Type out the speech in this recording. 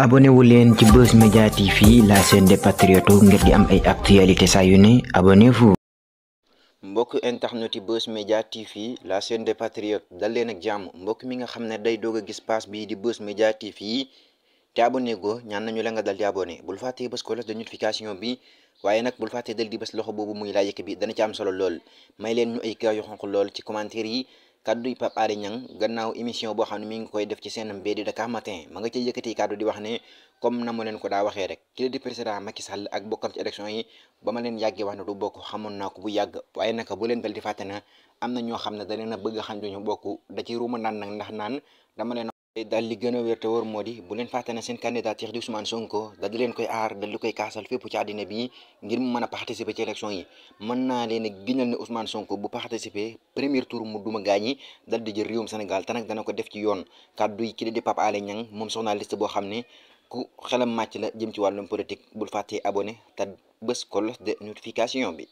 abonné wu leen ci Buzz Media TV la chaîne des patriotes ngir di am actualité saa yu ne abonnez-vous. mbokk internet yi Buzz Media TV la chaîne de patriotes dal leen ak jàmm mbokk mi nga xam ne day doog gis pass bii di Buzz Media TV te abonné go ñaan nañu la nga dal di abonné bul fàttee bës ko la de notification bi. waaye nag bul fàttee dal di bés loxo boobu muy laajëkk bi dana ci am solo lool may leen ñu ay kër yu lool ci commentaire yi kaddu Pape Alé Niang gannaaw émission boo xam ne mi ngi koy def ci seen mbéy di Dakar matin ma nga cay yëkkati kaddu di wax ne comme na leen ko daa waxee rek ki la di président Macky Sall ak bokkam ci élection yi ba leen yàggee wax ne du bokk xamoon naa ko bu yàgg waaye naka bu leen bel di fàtte na am na ñoo xam ne da a bëgg xam duñu bokk da ci ruuma naan na ndax naan dama leen daal li gën a wér te wóor moo di bu leen fàtte na seen candidature di Ousmane Sonko da di leen koy aar da di koy kaasal fépp ci àddina bi ngir mu mën a participer ci élection yi mën naa leen a giñal ne Ousmane Sonko bu participer premier tour mu duma gaañ yi dal di jël réewum Sénégal te nag dana ko def ci yoon kàddu yi kii di Pape Alé Niang moom soxna liste boo xam ne ku xelam màcc la jëm ci wàllum politique bul fàttee abonné te bés ko los de notification bi